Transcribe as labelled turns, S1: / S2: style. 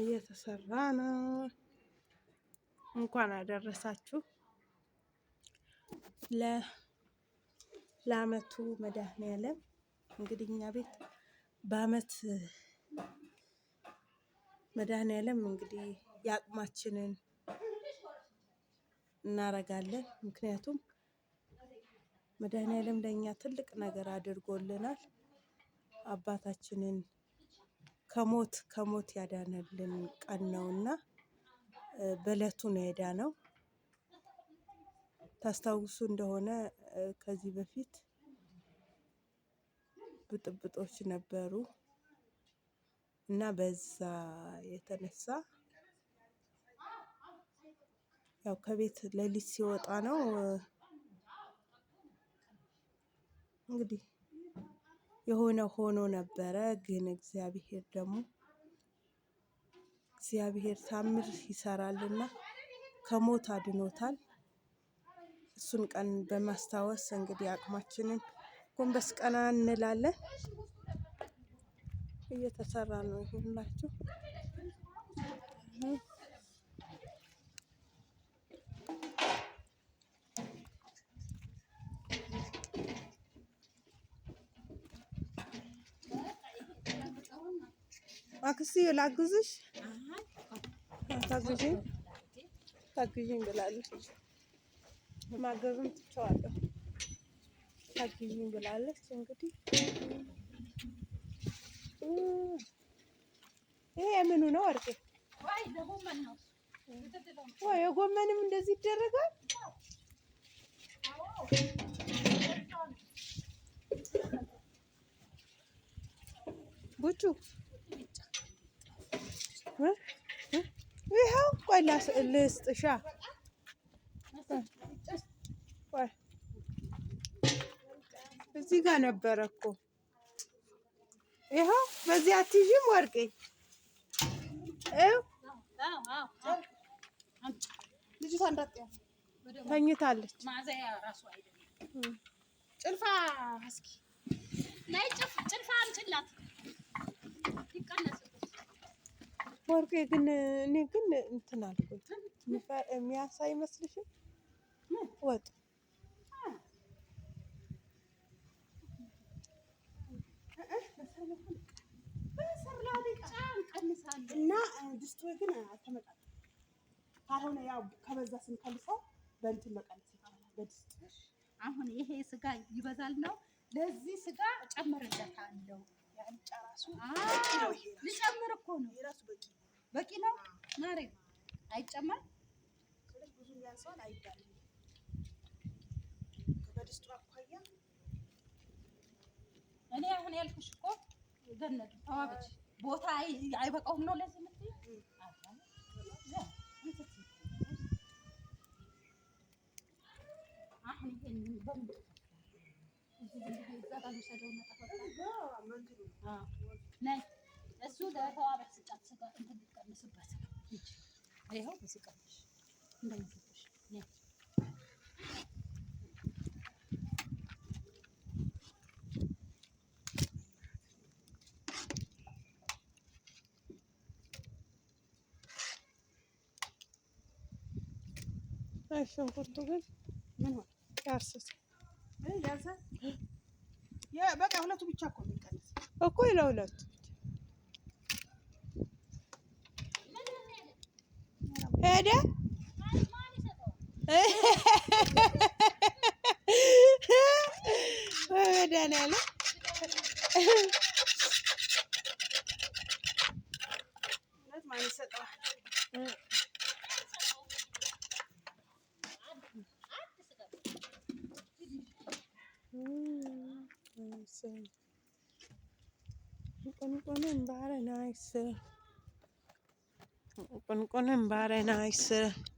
S1: እየተሰራ ነው። እንኳን አደረሳችሁ ለአመቱ መድኃኒዓለም። እንግዲህ እኛ ቤት በዓመት መድኃኒዓለም እንግዲህ የአቅማችንን እናረጋለን። ምክንያቱም መድኃኒዓለም ለእኛ ትልቅ ነገር አድርጎልናል። አባታችንን ከሞት ከሞት ያዳነልን ቀን ነውና በእለቱ ነው ነው። ታስታውሱ እንደሆነ ከዚህ በፊት ብጥብጦች ነበሩ እና በዛ የተነሳ ያው ከቤት ሌሊት ሲወጣ ነው እንግዲህ የሆነ ሆኖ ነበረ። ግን እግዚአብሔር ደግሞ እግዚአብሔር ታምር ይሰራልና ከሞት አድኖታል። እሱን ቀን በማስታወስ እንግዲህ አቅማችንን ጎንበስ ቀና እንላለን። እየተሰራ ነው ይሁንላችሁ። አክስትዬ ላግዝሽ ታግዥኝ ታግዥኝ ብላለች። ማገዝም ትቸዋለሁ ታግዥኝ ብላለች። እንግዲህ ይሄ የምኑ ነው ወርቄ? ወይ የጎመንም እንደዚህ ይደረጋል። ቡቹ ይኸው ቆይ ልስጥሻ። እዚህ ጋር ነበረ እኮ ይኸው። በዚህ አትይዥም ወርቄ። ተኝታለች። ጭልፋ ወርቄ ግን እኔ ግን እንትን አልኩኝ የሚያሳ አይመስልሽም? ወጡ እና ድስቱ ግን ካልሆነ ያው ከበዛ በእንትን መቀነስ ይቻላል። በድስት
S2: አሁን ይሄ ስጋ ይበዛል ነው። ለዚህ ስጋ ጨምርለታለሁ። የአንጫ ራሱ ልጨምር እኮ ነው። የራሱ በቂ ነው። ማሬ አይጨመር እኔ አሁን ያልኩሽ እኮ ገነት ተዋበች ቦታ አይበቃውም ነው ለዚህ የምትይው አሁን እሱ ተዋበት ስጣት ስጋ እንድትቀንስበት ነው። ይኸው በስቀሽ እንደምትሽ
S1: ሽንኩርቱ ግን ምን ያርስስ
S2: በቃ ሁለቱ ብቻ እኮ የሚቀነስ
S1: እኮ ለሁለቱ ሄደ። በመድኃኒዓለም Open ko na yung bare nice. Uh, open ko na yung bare nice. Uh,